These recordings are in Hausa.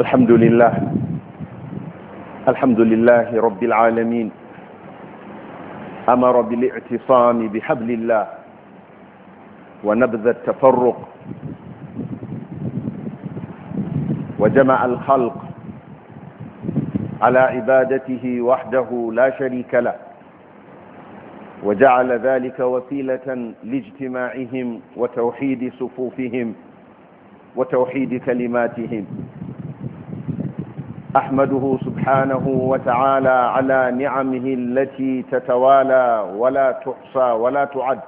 الحمد لله الحمد لله رب العالمين أمر بالاعتصام بحبل الله ونبذ التفرق وجمع الخلق على عبادته وحده لا شريك له وجعل ذلك وسيلة لاجتماعهم وتوحيد صفوفهم وتوحيد كلماتهم أحمده سبحانه وتعالى على نعمه التي تتوالى ولا تحصى ولا تعد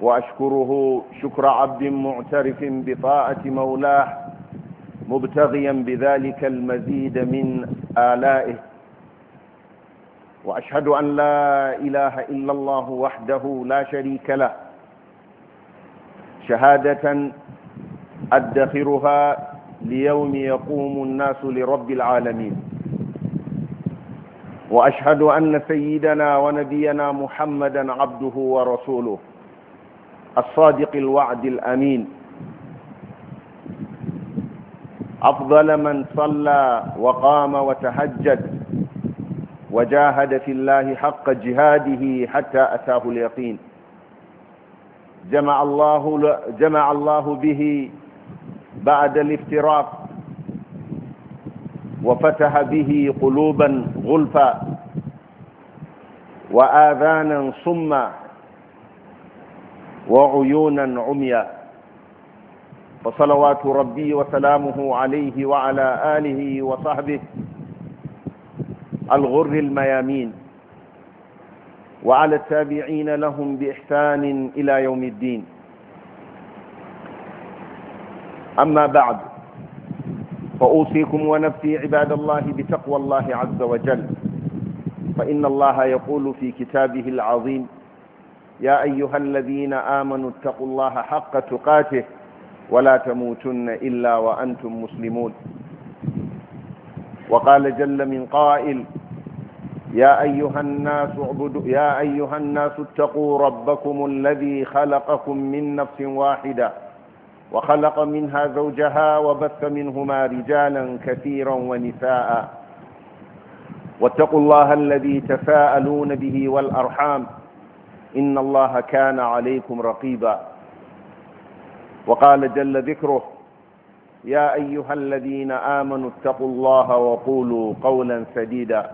وأشكره شكر عبد معترف بطاعة مولاه مبتغيا بذلك المزيد من آلائه وأشهد أن لا إله إلا الله وحده لا شريك له شهادة أدخرها ليوم يقوم الناس لرب العالمين واشهد ان سيدنا ونبينا محمدا عبده ورسوله الصادق الوعد الامين افضل من صلى وقام وتهجد وجاهد في الله حق جهاده حتى اتاه اليقين جمع الله جمع الله به بعد الافتراق وفتح به قلوبا غلفا وآذانا صما وعيونا عميا فصلوات ربي وسلامه عليه وعلى آله وصحبه الغر الميامين وعلى التابعين لهم بإحسان إلى يوم الدين أما بعد فأوصيكم ونفسي عباد الله بتقوى الله عز وجل فإن الله يقول في كتابه العظيم يا أيها الذين آمنوا اتقوا الله حق تقاته ولا تموتن إلا وأنتم مسلمون وقال جل من قائل يا أيها الناس اعبدوا يا أيها الناس اتقوا ربكم الذي خلقكم من نفس واحده وخلق منها زوجها وبث منهما رجالا كثيرا ونساء واتقوا الله الذي تساءلون به والأرحام إن الله كان عليكم رقيبا وقال جل ذكره يا أيها الذين آمنوا اتقوا الله وقولوا قولا سديدا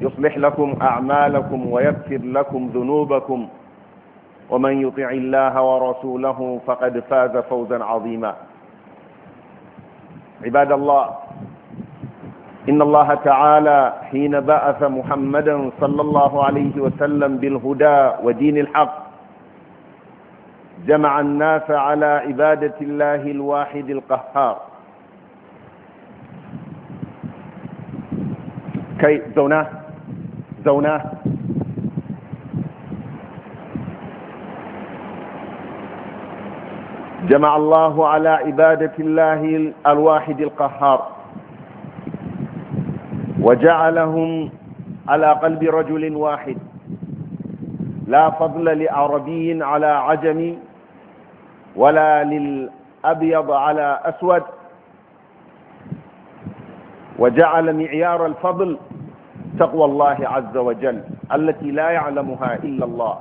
يصلح لكم أعمالكم ويغفر لكم ذنوبكم ومن يطع الله ورسوله فقد فاز فوزا عظيما عباد الله إن الله تعالى حين بعث محمدا صلى الله عليه وسلم بالهدى ودين الحق جمع الناس على عبادة الله الواحد القهار كي زونا زونا جمع الله على عبادة الله الواحد القهار وجعلهم على قلب رجل واحد لا فضل لعربي على عجمي ولا للأبيض على أسود وجعل معيار الفضل تقوى الله عز وجل التي لا يعلمها إلا الله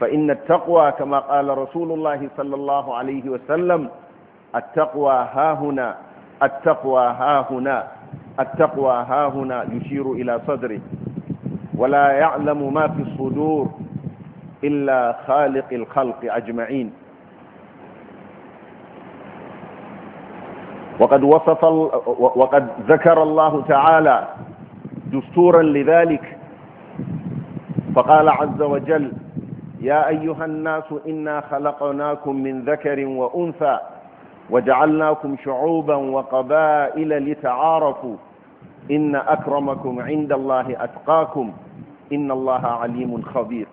فإن التقوى كما قال رسول الله صلى الله عليه وسلم التقوى ها هنا التقوى ها هنا التقوى ها هنا يشير إلى صدره ولا يعلم ما في الصدور إلا خالق الخلق أجمعين وقد وصف وقد ذكر الله تعالى دستورا لذلك فقال عز وجل يا أيها الناس إنا خلقناكم من ذكر وأنثى وجعلناكم شعوبا وقبائل لتعارفوا إن أكرمكم عند الله أتقاكم إن الله عليم خبير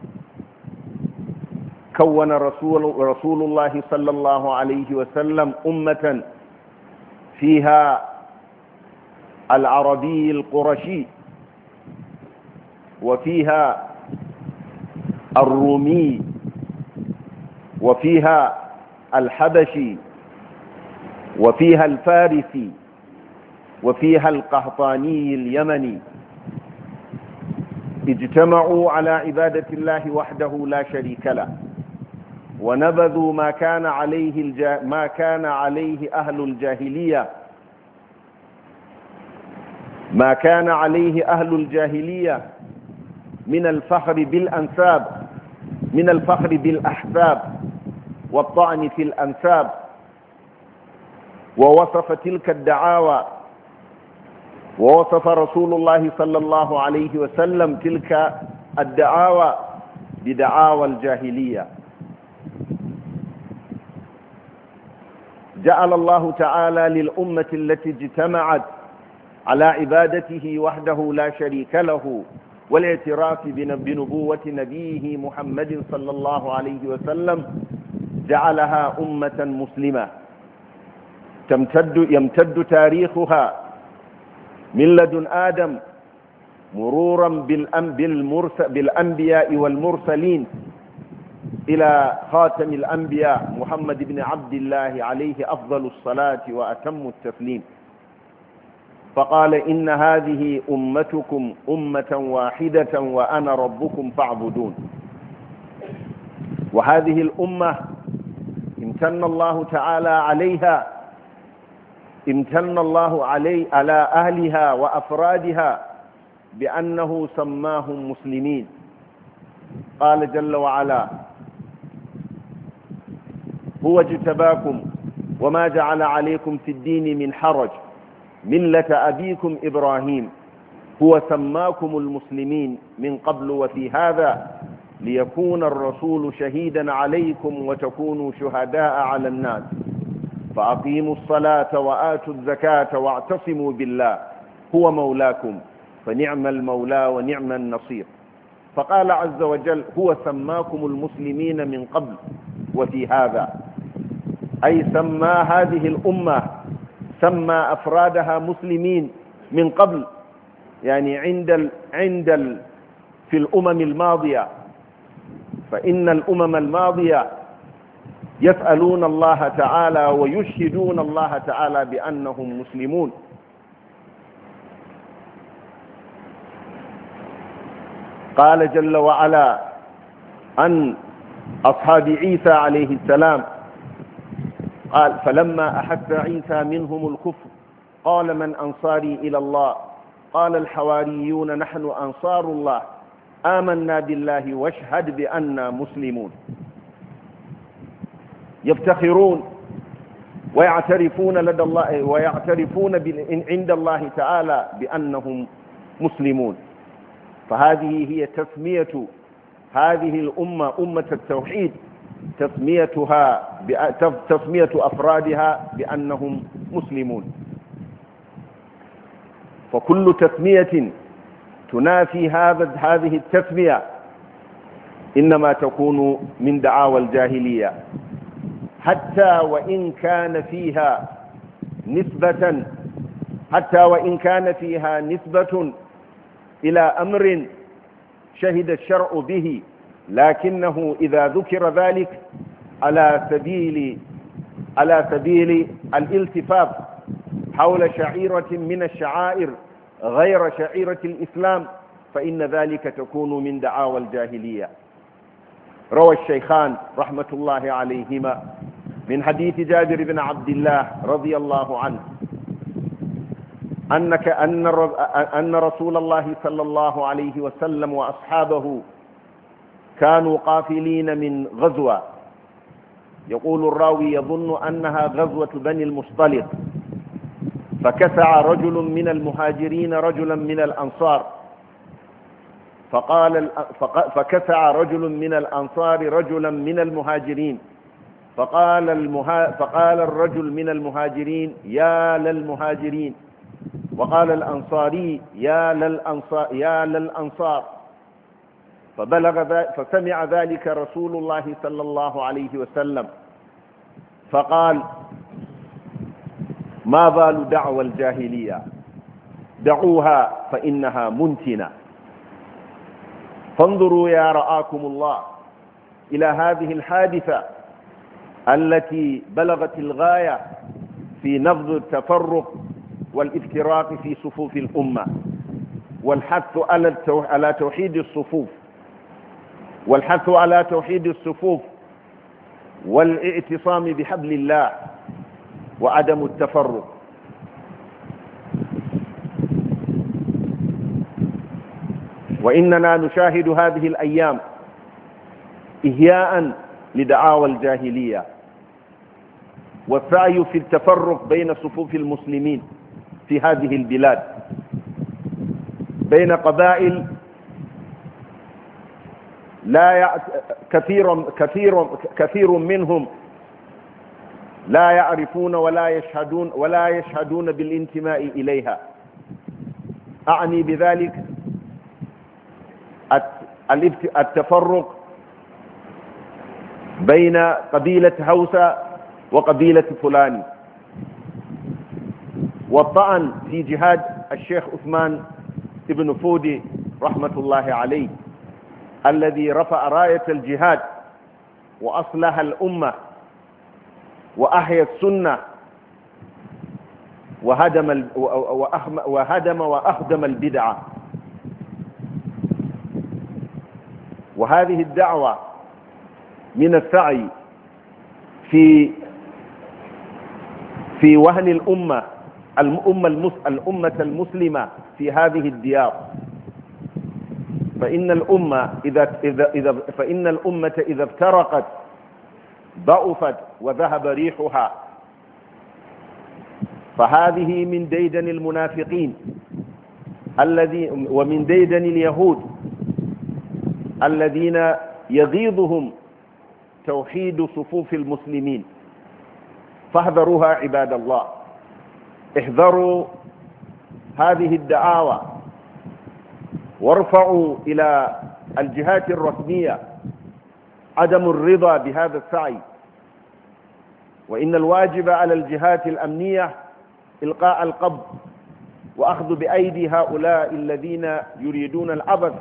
كون رسول, رسول الله صلى الله عليه وسلم أمة فيها العربي القرشي وفيها الرومي وفيها الحبشي وفيها الفارسي وفيها القهطاني اليمني اجتمعوا على عبادة الله وحده لا شريك له ونبذوا ما كان عليه الجا... ما كان عليه أهل الجاهلية ما كان عليه أهل الجاهلية من الفخر بالأنساب من الفخر بالأحباب والطعن في الأنساب ووصف تلك الدعاوى ووصف رسول الله صلى الله عليه وسلم تلك الدعاوى بدعاوى الجاهلية جعل الله تعالى للأمة التي اجتمعت على عبادته وحده لا شريك له والاعتراف بنبوة نبيه محمد صلى الله عليه وسلم جعلها أمة مسلمة تمتد يمتد تاريخها من لدن آدم مرورا بالأنبياء والمرسلين إلى خاتم الأنبياء محمد بن عبد الله عليه أفضل الصلاة وأتم التسليم فقال إن هذه أمتكم أمة واحدة وأنا ربكم فاعبدون وهذه الأمة امتن الله تعالى عليها امتن الله علي على أهلها وأفرادها بأنه سماهم مسلمين قال جل وعلا هو اجتباكم وما جعل عليكم في الدين من حرج ملة أبيكم إبراهيم هو سماكم المسلمين من قبل وفي هذا ليكون الرسول شهيدا عليكم وتكونوا شهداء على الناس فأقيموا الصلاة وآتوا الزكاة واعتصموا بالله هو مولاكم فنعم المولى ونعم النصير فقال عز وجل هو سماكم المسلمين من قبل وفي هذا أي سما هذه الأمة سمى أفرادها مسلمين من قبل يعني عند الـ عند الـ في الأمم الماضية فإن الأمم الماضية يسألون الله تعالى ويشهدون الله تعالى بأنهم مسلمون قال جل وعلا عن أصحاب عيسى عليه السلام قال فلما أحس عيسى منهم الكفر قال من أنصاري إلى الله قال الحواريون نحن أنصار الله آمنا بالله واشهد بأننا مسلمون يفتخرون ويعترفون لدى الله ويعترفون عند الله تعالى بأنهم مسلمون فهذه هي تسمية هذه الأمة أمة التوحيد تسميتها تسمية أفرادها بأنهم مسلمون فكل تسمية تنافي هذا هذه التسمية إنما تكون من دعاوى الجاهلية حتى وإن كان فيها نسبة حتى وإن كان فيها نسبة إلى أمر شهد الشرع به لكنه إذا ذكر ذلك على سبيل على سبيل الالتفاف حول شعيرة من الشعائر غير شعيرة الإسلام فإن ذلك تكون من دعاوى الجاهلية روى الشيخان رحمة الله عليهما من حديث جابر بن عبد الله رضي الله عنه أنك أن, أن رسول الله صلى الله عليه وسلم وأصحابه كانوا قافلين من غزوة يقول الراوي يظن أنها غزوة بني المصطلق فكسع رجل من المهاجرين رجلا من الأنصار فقال فكسع رجل من الأنصار رجلا من المهاجرين فقال, المها فقال الرجل من المهاجرين يا للمهاجرين وقال الأنصاري يا للأنصار, يا للأنصار فبلغ فسمع ذلك رسول الله صلى الله عليه وسلم فقال ما بال دعوى الجاهلية دعوها فإنها منتنة فانظروا يا رآكم الله إلى هذه الحادثة التي بلغت الغاية في نفض التفرق والافتراق في صفوف الأمة والحث على توحيد الصفوف والحث على توحيد الصفوف والاعتصام بحبل الله وعدم التفرق وإننا نشاهد هذه الأيام إهياء لدعاوى الجاهلية والسعي في التفرق بين صفوف المسلمين في هذه البلاد بين قبائل لا يع... كثير كثير كثير منهم لا يعرفون ولا يشهدون ولا يشهدون بالانتماء إليها أعني بذلك التفرق بين قبيلة هوسة وقبيلة فلان والطعن في جهاد الشيخ عثمان بن فودي رحمة الله عليه الذي رفع راية الجهاد وأصلح الأمة وأحيا السنة وهدم وهدم وأخدم البدعة وهذه الدعوة من السعي في في وهن الأمة الأمة المسلمة في هذه الديار فإن الأمة إذا, إذا, إذا فإن الأمة إذا افترقت ضعفت وذهب ريحها فهذه من ديدن المنافقين الذي ومن ديدن اليهود الذين يغيظهم توحيد صفوف المسلمين فاحذروها عباد الله احذروا هذه الدعاوى وارفعوا إلى الجهات الرسمية عدم الرضا بهذا السعي وإن الواجب على الجهات الأمنية إلقاء القبض وأخذ بأيدي هؤلاء الذين يريدون العبث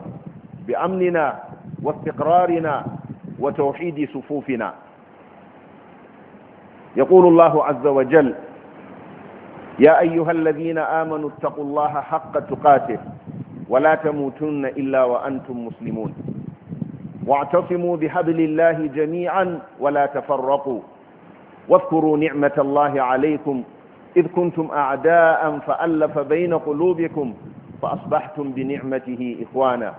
بأمننا واستقرارنا وتوحيد صفوفنا يقول الله عز وجل يا أيها الذين آمنوا اتقوا الله حق تقاته ولا تموتن إلا وأنتم مسلمون واعتصموا بحبل الله جميعا ولا تفرقوا واذكروا نعمة الله عليكم إذ كنتم أعداء فألف بين قلوبكم فأصبحتم بنعمته إخوانا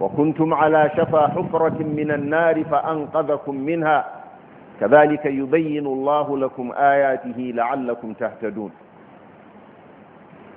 وكنتم على شفا حفرة من النار فأنقذكم منها كذلك يبين الله لكم آياته لعلكم تهتدون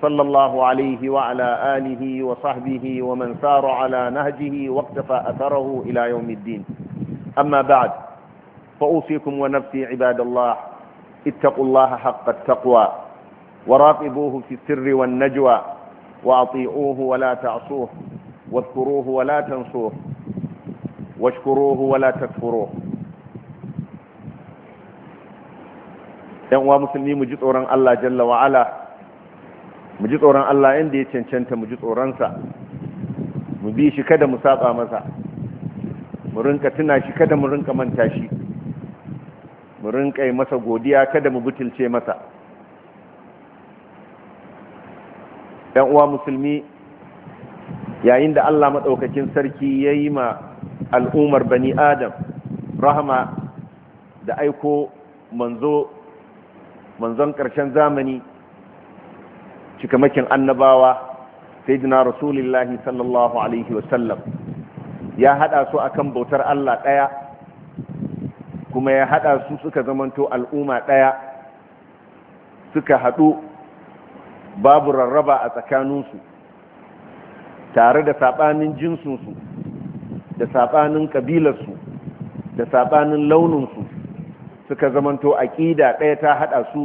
صلى الله عليه وعلى آله وصحبه ومن سار على نهجه واقتفى أثره إلى يوم الدين أما بعد فأوصيكم ونفسي عباد الله اتقوا الله حق التقوى وراقبوه في السر والنجوى وأطيعوه ولا تعصوه واذكروه ولا تنصوه واشكروه ولا تكفروه yan uwa musulmi الله جل وعلا mu ji tsoron Allah inda ya cancanta mu ji tsoronsa mu bi shi kada mu saba masa mu rinka tuna shi kada mu rinka manta shi mu rinka yi masa godiya kada mu butulce masa ɗan uwa musulmi yayin da Allah maɗaukakin sarki ya yi ma al'ummar bani adam rahama da aiko manzo manzon ƙarshen zamani cikamakin annabawa sai sayyidina rasulullahi sallallahu alaihi wasallam ya hada su kan bautar Allah ɗaya, kuma ya hada su suka zamanto al'umma ɗaya suka hadu babu rarraba a tsakaninsu tare da saɓanin jinsunsu da sabanin ƙabilarsu, da sabanin launinsu suka zamanto aƙida ɗaya ta haɗa su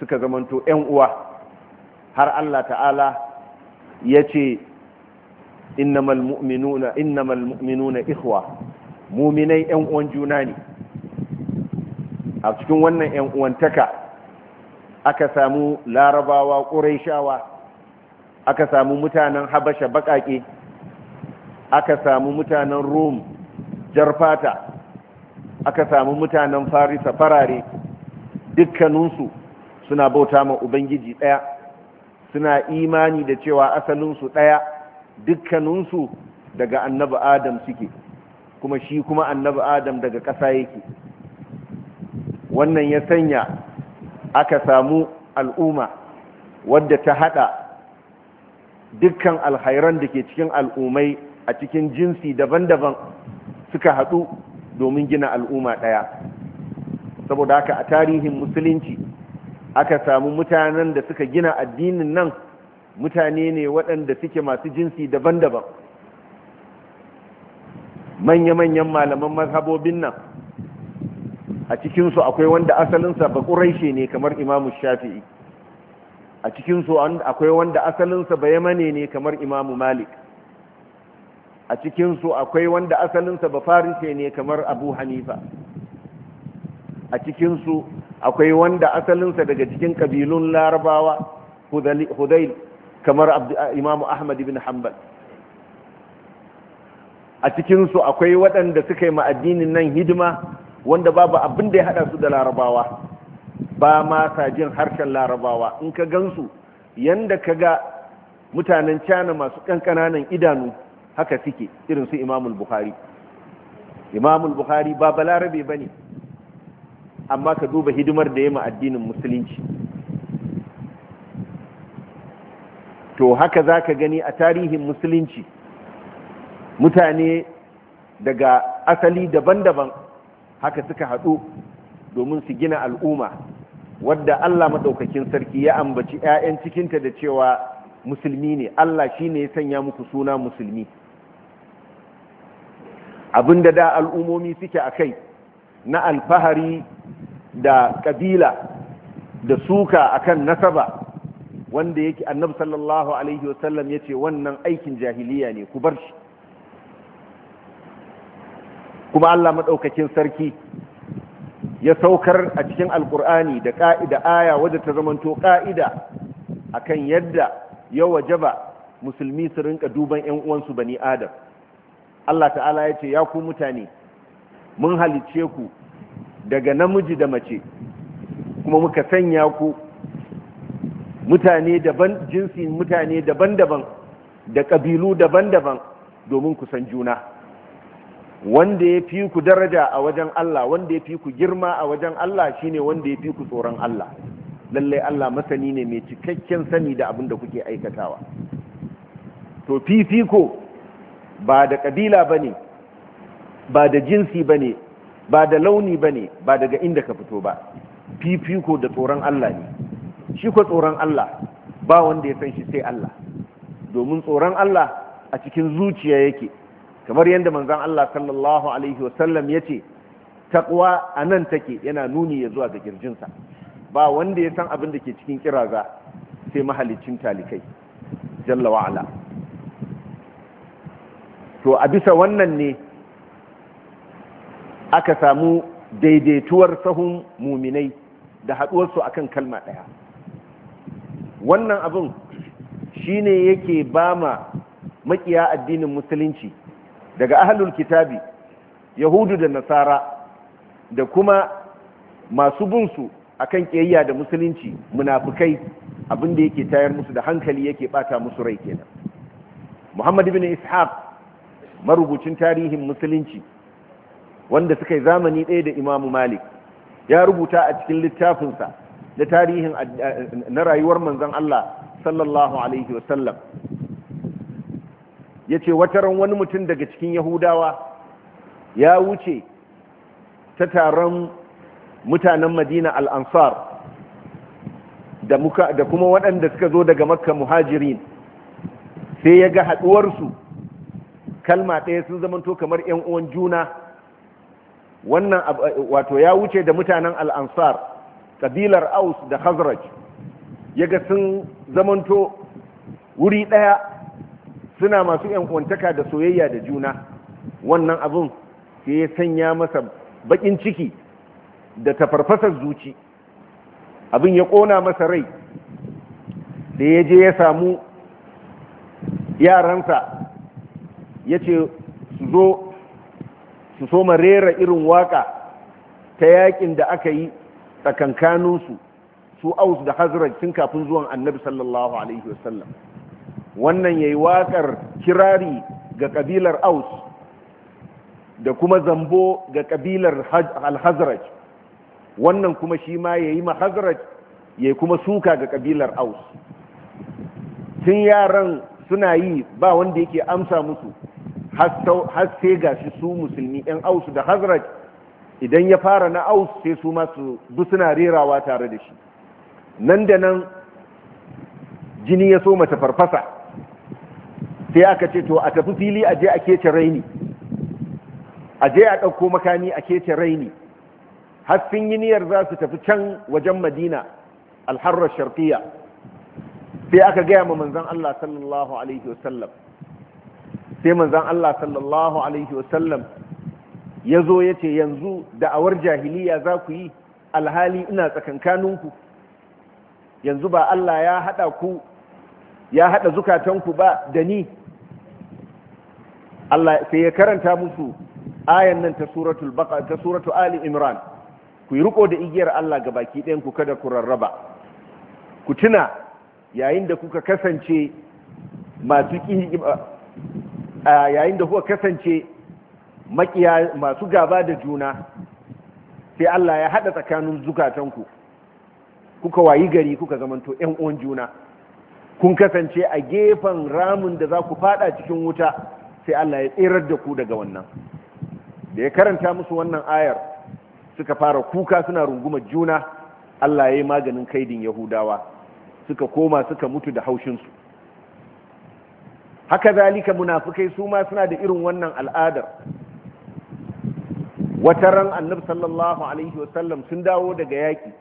suka zamanto 'yan uwa har Allah ta'ala ya ce innamal mu'minuna innamal mu'minuna ikhwa mu'minai yan uwan juna ne a cikin wannan yan uwantaka aka samu larabawa ƙuraishawa aka samu mutanen habasha bakake aka samu mutanen rum jarfata aka samu mutanen farisa farare dukkaninsu suna bauta ma ubangiji ɗaya suna imani da cewa asalinsu ɗaya dukkaninsu daga annabi adam suke kuma shi kuma annabi adam daga ƙasa yake wannan ya sanya aka samu al'umma wadda ta hada dukkan alhairan da ke cikin al'ummai a cikin jinsi daban-daban suka haɗu domin gina al'umma ɗaya saboda haka a tarihin musulunci aka samu mutanen da suka gina addinin nan mutane ne waɗanda suke masu jinsi daban-daban manya-manyan malaman mazhabobin nan a cikinsu akwai wanda asalinsa ba ne kamar imamu shafi'i a cikinsu akwai wanda asalinsa ba ne kamar imamu malik a cikinsu akwai wanda asalinsa ba ne kamar abu hanifa a cikinsu akwai wanda asalinsa daga cikin kabilun larabawa hudail kamar imamu ahmad ibn hanbal a cikinsu akwai waɗanda suka yi ma'addinin nan hidima wanda babu abin da ya haɗa su da larabawa ba ma jin harshen larabawa in ka gansu yanda ka ga mutanen cana masu ƙanƙananan idanu haka suke irin su imamul buhari imamul buhari ba balarabe ba ne amma ka duba hidimar da ya ma addinin musulunci to haka za ka gani a tarihin musulunci mutane daga asali daban-daban haka suka haɗu domin su gina al'umma wadda Allah maɗaukakin sarki ya ambaci 'ya'yan cikinta da cewa musulmi ne Allah shi ne ya sanya muku suna musulmi abinda da al'ummomi suke a kai na alfahari da kabila da suka akan nasaba wanda yake annabi sallallahu alaihi wasallam ya ce wannan aikin jahiliya ne ku bar shi kuma Allah maɗaukakin sarki ya saukar a cikin alkur'ani da ƙa'ida aya wadda ta zamanto ƙa'ida akan yadda ya wajaba musulmi su rinka duban 'yan uwansu bani adam Allah ta'ala ya ce ya ku mutane mun halicce ku daga namiji da mace kuma muka sanya ku mutane daban jinsi mutane daban-daban da ƙabilu daban-daban domin ku san juna wanda ya fi ku daraja a wajen Allah wanda ya fi ku girma a wajen Allah shine wanda ya fi ku tsoron Allah lallai Allah masani ne mai cikakken sani da abin da kuke aikatawa to fifiko ba da ƙabila ba ne ba da jinsi bane. ba da launi ba ne ba daga inda ka fito ba fifiko da tsoron Allah ne shi ko tsoron Allah ba wanda ya san shi sai Allah domin tsoron Allah a cikin zuciya yake kamar yadda manzan Allah sallallahu alaihi wasallam ya ce takwa a nan take yana nuni ya zuwa ga kirjinsa ba wanda ya san abin da ke cikin kiraza sai mahalicin talikai jalla wa'ala to a bisa wannan ne aka samu daidaituwar sahun muminai da haɗuwarsu akan kalma ɗaya wannan abin shine yake ba ma makiya addinin musulunci daga ahlul kitabi yahudu da nasara da kuma masu bunsu akan kiyayya da musulunci munafukai abinda yake tayar musu da hankali yake ɓata musu rai kenan muhammad bin ishaq marubucin tarihin musulunci wanda suka yi zamani ɗaya da imamu malik ya rubuta a cikin littafinsa na tarihin na rayuwar manzan Allah sallallahu alaihi wasallam ya ce wataran wani mutum daga cikin yahudawa ya wuce ta taron mutanen madina al'ansar da kuma waɗanda suka zo daga makka muhajirin sai ya ga haɗuwarsu kalma ɗaya sun zamanto kamar 'yan uwan juna wannan eh, wato ya wuce da mutanen al'ansar ƙabilar aus da hazraj ya ga sun zamanto wuri ɗaya suna masu yankwantaka da soyayya da juna wannan abin sai ya sanya masa baƙin ciki da tafarfasar zuci abin ya ƙona masa rai da ya je ya samu yaransa ya ce su zo su soma rera irin waka ta yakin da aka yi tsakankaninsu su aus da hazrat tun kafin zuwan annabi sallallahu alaihi wasallam wannan yayi wakar kirari ga kabilar aus da kuma zambo ga kabilar al wannan kuma shi ma yayi ma hazraj yayi kuma suka ga kabilar aus tun yaran suna yi ba wanda yake amsa musu har ga shi su musulmi yan ausu da hazrat idan ya fara na aus sai su masu duk suna rerawa tare da shi nan da nan jini ya so mata farfasa sai aka ce to a tafi fili a je a kece raini a je a ɗauko makami a kece raini har yiniyar yi za su tafi can wajen madina alharar sharfiya sai aka gaya ma manzan allah sallallahu alaihi wasallam sai manzan Allah sallallahu alaihi wasallam ya zo ya ce yanzu da'awar jahiliya za ku yi alhali ina tsakankaninku yanzu ba Allah ya haɗa ku ya haɗa zukatanku ba da ni Allah sai ya karanta musu ayan nan ta suratul baqa ta suratu ali imran ku yi riko da igiyar Allah ga baki ɗayan ku kada ku rarraba ku tuna yayin da kuka kasance masu yayin da kuka kasance makiya masu gaba da juna sai Allah ya haɗa tsakanin zukatanku kuka wayi gari kuka zamanto ƴan uwan juna kun kasance a gefen ramin da za ku fada cikin wuta sai Allah ya tsirar da ku daga wannan da ya karanta musu wannan ayar suka fara kuka suna runguma juna Allah ya yi maganin kaidin Yahudawa suka koma suka mutu da haushinsu haka zalika munafikai su ma suna da irin wannan al'adar wata ran annabi sallallahu alaihi wasallam sun dawo daga yaki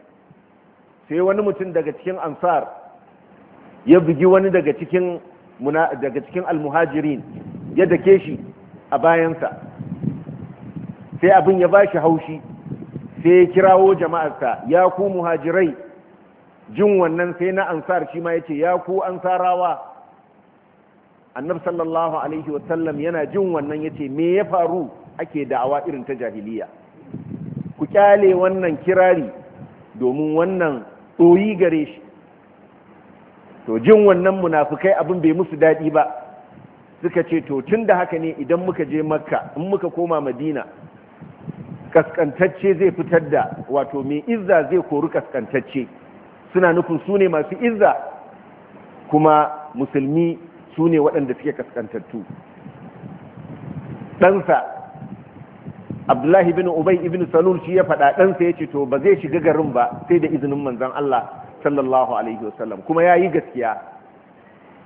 sai wani mutum daga cikin ansar ya bugi wani daga cikin daga cikin almuhajirin ya dake shi a bayansa sai abin ya bashi haushi sai ya kirawo jama'arsa ya ku muhajirai jin wannan sai na ansar shi ma ya ce ya ku ansarawa annabi sallallahu alaihi wasallam yana jin wannan yace me ya faru ake da'awa irin ta jahiliya ku kyale wannan kirari domin wannan tsoyi gare shi to jin wannan munafukai abin bai musu daɗi ba suka ce to tun da haka ne idan muka je makka in muka koma madina kaskantacce zai fitar da wato mai izza zai kori kaskantacce suna nufin sune masu izza kuma musulmi su ne waɗanda suke kaskantattu ɗansa abdullahi bin ubai ibn salul shi ya faɗa ɗansa ya ce to ba zai shiga garin ba sai da izinin manzan Allah sallallahu alaihi wasallam kuma ya yi gaskiya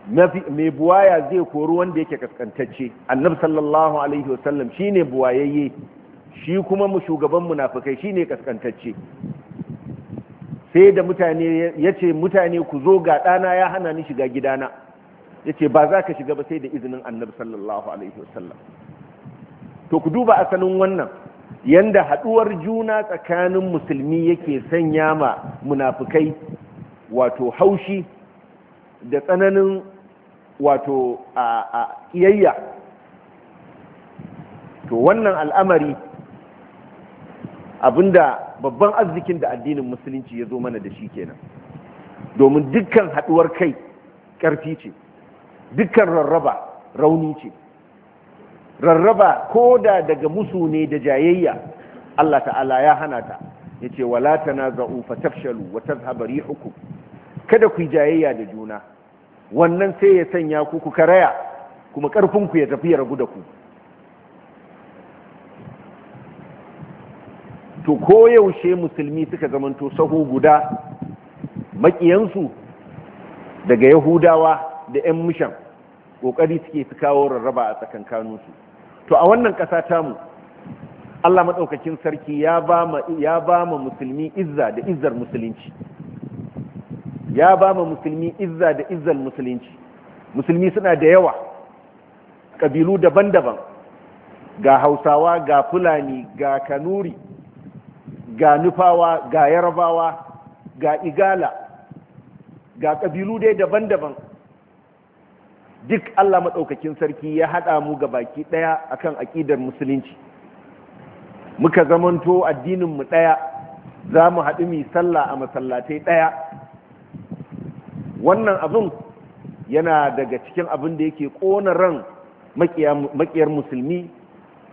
mai buwaya zai kori wanda yake kaskantacce annab sallallahu alaihi wasallam shi ne buwayayye shi kuma mu shugaban munafukai shi ne kaskantacce sai da mutane ya ce mutane ku zo ga ɗana ya hana ni shiga gidana yace ba za ka shiga ba sai da izinin annabi sallallahu alaihi wasallam to ku duba asalin wannan yanda haduwar juna tsakanin musulmi yake sanya ma munafikai wato haushi da tsananin wato a iyayya to wannan al'amari abinda babban arzikin da addinin musulunci ya zo mana da shi kenan domin dukkan haduwar kai ƙarfi ce dukkan rarraba rauni ce rarraba ko da daga musu ne da jayayya Allah ta'ala ya hana ta ya ce wala fa fatafshalu wa tazhaba rihukum kada ku jayayya da juna wannan sai ya sanya ku ku karaya kuma karfin ku ya tafi ya ragu da ku to ko koyaushe musulmi suka zamanto sahu guda makiyansu daga yahudawa da 'yan mishan ƙoƙari suke su kawo rarraba a tsakan su. to a wannan ƙasa mu. allah maɗaukakin sarki ya ba ma musulmi izza da izzar musulunci ya ba ma musulmi izza da izzar musulunci musulmi suna da yawa ƙabilu daban-daban ga hausawa ga fulani ga kanuri ga nufawa ga yarabawa ga igala ga ƙabilu dai daban-daban duk Allah maɗaukakin sarki ya haɗa mu ga baki ɗaya a kan aƙidar musulunci muka zamanto addininmu ɗaya za mu haɗu mai sallah a masallatai ɗaya wannan abin yana daga cikin abin da yake ƙona ran maƙiyar musulmi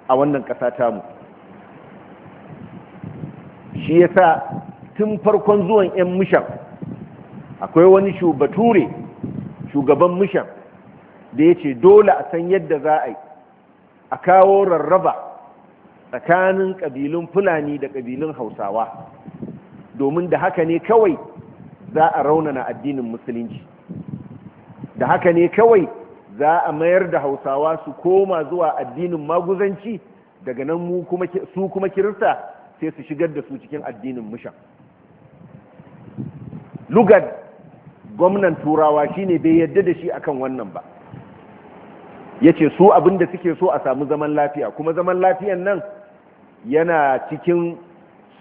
a wannan ƙasa tamu shi ya sa tun farkon zuwan 'yan mishan akwai wani shubature shugaban mishan da ya ce dole a san yadda za a yi a kawo rarraba tsakanin ƙabilun fulani da ƙabilun hausawa domin da haka ne kawai za a raunana addinin musulunci da haka ne kawai za a mayar da hausawa su koma zuwa addinin maguzanci daga nan su kuma kirista sai su shigar da su cikin addinin musha lugad gwamnan turawa shine bai yadda da shi akan wannan ba ya ce su abin da suke so a samu zaman lafiya kuma zaman lafiyan nan yana cikin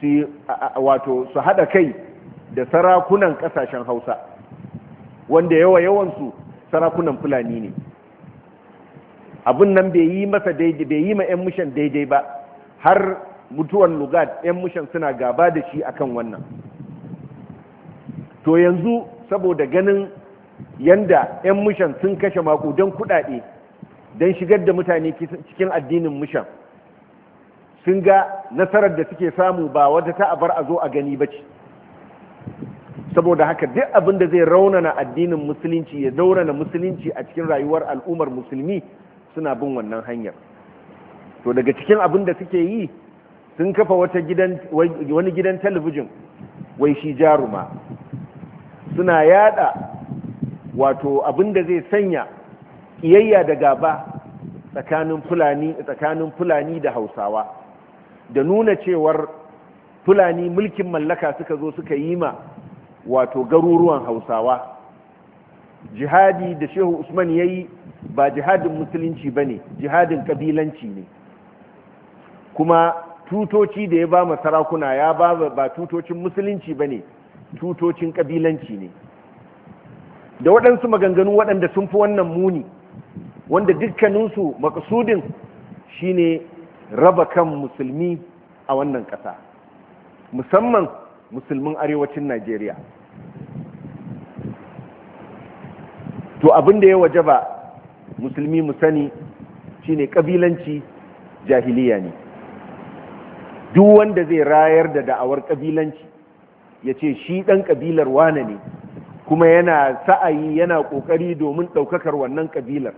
su wato su hada kai da sarakunan kasashen Hausa wanda yawa yawansu sarakunan Fulani ne abin nan bai yi masa daidai bai yi ma yan mushan daidai ba har mutuwan lugad yan mushan suna gaba da shi akan wannan to yanzu saboda ganin yanda yan mushan sun kashe makudan kudade don shigar da mutane cikin addinin mushan sun ga nasarar da suke samu ba wata ta'abar a zo a gani ba ce saboda haka duk abin da zai raunana addinin musulunci ya daurana musulunci a cikin rayuwar al'ummar musulmi suna bin wannan hanyar to daga cikin abin da suke yi sun kafa wani gidan talabijin wai shi jaruma suna yada wato abin da zai sanya kiyayya da gaba tsakanin fulani tsakanin fulani da hausawa da nuna cewar fulani mulkin mallaka suka zo suka yi ma wato garuruwan hausawa jihadi da shehu usman ya yi ba jihadin musulunci ba ne jihadin kabilanci ne kuma tutoci da ya ba ma sarakuna ya ba ba tutocin musulunci ba ne tutocin kabilanci ne da waɗansu maganganu waɗanda sun fi wannan muni wanda dukkaninsu makasudin shine raba kan musulmi a wannan ƙasa musamman musulmin arewacin najeriya to abin da ya ba, musulmi mu sani shine kabilanci jahiliya ne duk wanda zai rayar da da'awar kabilanci ya ce shi ɗan kabilar wane ne kuma yana sa'ayi yana kokari domin daukakar wannan kabilar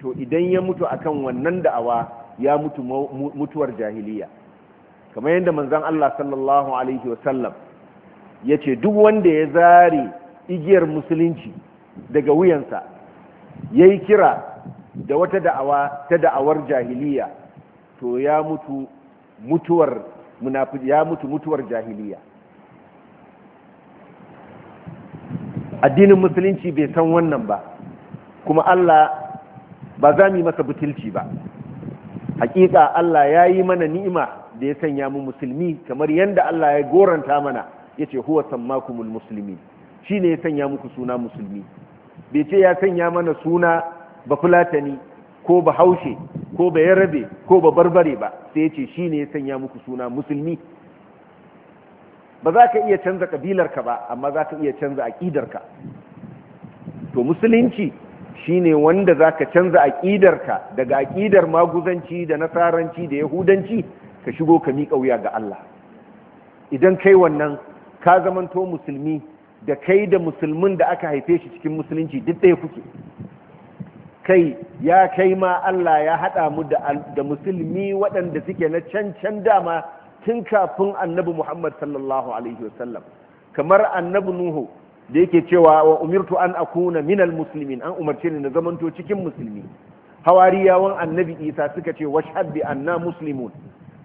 to idan ya mutu akan wannan da'awa ya mutu mutuwar jahiliya kamar yadda manzon Allah sallallahu alaihi wasallam yace duk wanda ya zare igiyar musulunci daga wuyansa yayi kira da wata da'awa ta da'awar jahiliya to ya mutu mutuwar ya mutu mutuwar jahiliya addinin musulunci bai san wannan ba kuma Allah ba za mu yi masa butulci ba hakika Allah ya yi mana ni'ima da ya sanya mu musulmi kamar yadda Allah ya goranta mana ya ce huwa sammakumul musulmi shi ne ya sanya muku suna musulmi bai ce ya sanya mana suna ba fulatani ko ba haushe ko ba yarabe ko ba barbare ba sai ya ce shi ne ya sanya muku suna musulmi ba za ka iya canza ƙabilarka ba amma za ka iya canza aƙidarka to musulunci shi ne wanda za ka canza aƙidarka daga aƙidar maguzanci da nasaranci da yahudanci ka shigo ka miƙa wuya ga Allah idan kai wannan ka zamanto musulmi da kai da musulmin da aka haife shi cikin musulunci duk ɗaya kuke kai ya kai ma Allah ya haɗa mu da musulmi waɗanda suke na cancan can dama tun kafin annabi muhammad sallallahu alaihi wasallam kamar annabi nuhu da yake cewa wa umirtu an akuna minal muslimin an umarce ni na zamanto cikin musulmi hawariyawan annabi isa suka ce washhad bi anna muslimun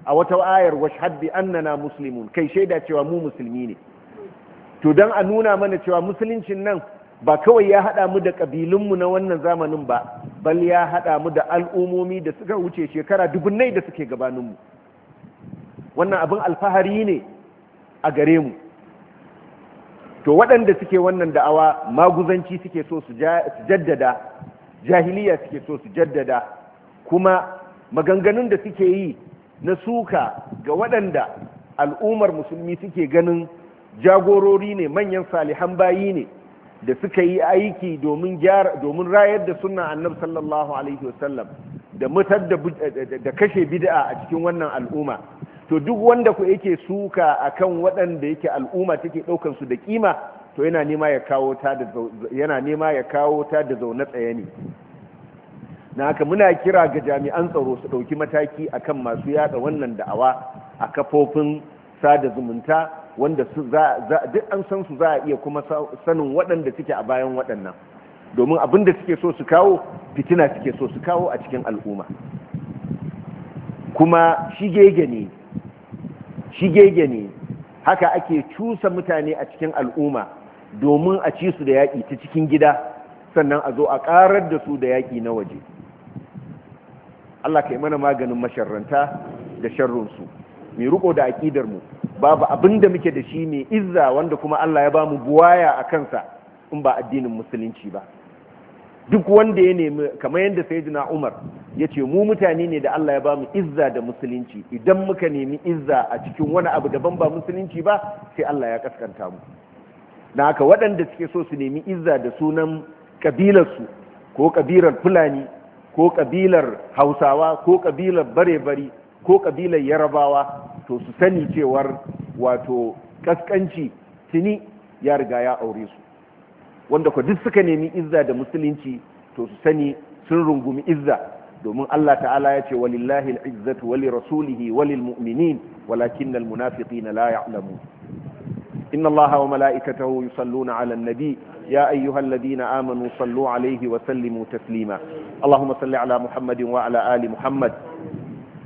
a wata ayar washhad bi annana muslimun kai shaida cewa mu musulmi ne to dan a nuna mana cewa musuluncin nan ba kawai ya hada mu da kabilunmu na wannan zamanin ba bal ya hada mu da al'umomi da suka wuce shekara dubunnai da suke gabaninmu mu wannan abin alfahari ne a gare mu to waɗanda suke wannan da'awa maguzanci suke so su jaddada jahiliya suke so su jaddada kuma maganganun da suke yi na suka ga waɗanda al'ummar musulmi suke ganin jagorori ne manyan salihan bayi ne da suka yi aiki domin rayar da sunna annabi sallallahu alaihi wasallam da mutar da kashe bid'a a cikin wannan al'umma to duk wanda ku yake suka akan waɗanda yake al'umma take ɗaukar su da kima to yana nema ya kawo ta da yana nema ya kawo ta da zaune tsaye ne na haka muna kira ga jami'an tsaro su ɗauki mataki akan masu yada wannan da'awa a kafofin sada zumunta wanda duk an san su za a iya kuma sanin waɗanda suke a bayan waɗannan domin abin da suke so su kawo fitina suke so su kawo a cikin al'umma kuma shige ne shigege ne haka ake cusa mutane a cikin al'umma domin a ci su da yaƙi ta cikin gida sannan a zo a ƙarar da su da yaƙi na waje Allah ka yi mana maganin masharranta da sharrunsu mai riko da mu, babu abin da muke da shi mai izza wanda kuma Allah ya ba mu buwaya a kansa in ba addinin musulunci ba duk wanda ya nemi kamar yadda sayyidina Umar ya ce mu mutane ne da Allah ya ba mu izza da musulunci idan muka nemi izza a cikin wani abu daban ba musulunci ba sai Allah ya kaskanta mu na haka waɗanda suke so su nemi izza da sunan kabilarsu ko kabilar fulani ko kabilar hausawa ko kabilar bare-bari ko kabilar yarabawa to su sani cewar wato kaskanci tuni ya riga ya aure su wanda ku duk suka nemi izza da musulunci to su sani sun rungumi izza domin Allah ta'ala ya ce walillahi al'izzatu wali rasulihi walil mu'minin walakin almunafiqina la ya'lamu inna Allah wa mala'ikatahu yusalluna an nabi يا amanu sallu 'alayhi wa sallimu taslima allahumma salli 'ala muhammadin wa 'ala ali muhammad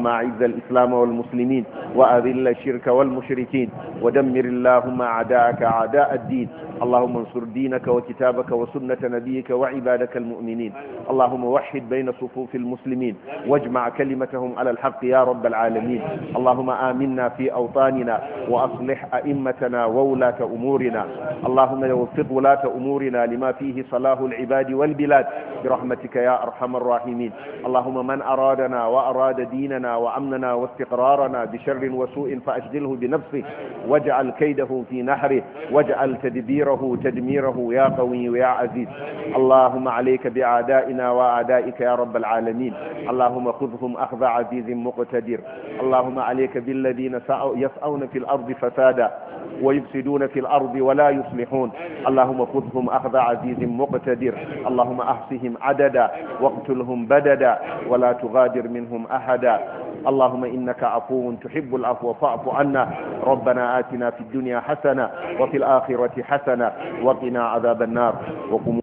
اللهم أعز الإسلام والمسلمين وأذل الشرك والمشركين ودمر اللهم أعداءك أعداء الدين اللهم انصر دينك وكتابك وسنة نبيك وعبادك المؤمنين اللهم وحد بين صفوف المسلمين واجمع كلمتهم على الحق يا رب العالمين اللهم آمنا في أوطاننا وأصلح أئمتنا وولاة أمورنا اللهم وفق ولاة أمورنا لما فيه صلاح العباد والبلاد برحمتك يا أرحم الراحمين اللهم من أرادنا وأراد ديننا وأمننا واستقرارنا بشر وسوء فأجدله بنفسه واجعل كيده في نحره واجعل تدبيره تدميره يا قوي يا عزيز اللهم عليك بأعدائنا وأعدائك يا رب العالمين اللهم خذهم أخذ عزيز مقتدر اللهم عليك بالذين يسعون في الأرض فسادا ويفسدون في الأرض ولا يصلحون اللهم خذهم أخذ عزيز مقتدر اللهم أحصهم عددا واقتلهم بددا ولا تغادر منهم أحدا اللهم إنك عفو تحب العفو فاعف عنا ربنا آتنا في الدنيا حسنة وفي الآخرة حسنة وقنا عذاب النار وقم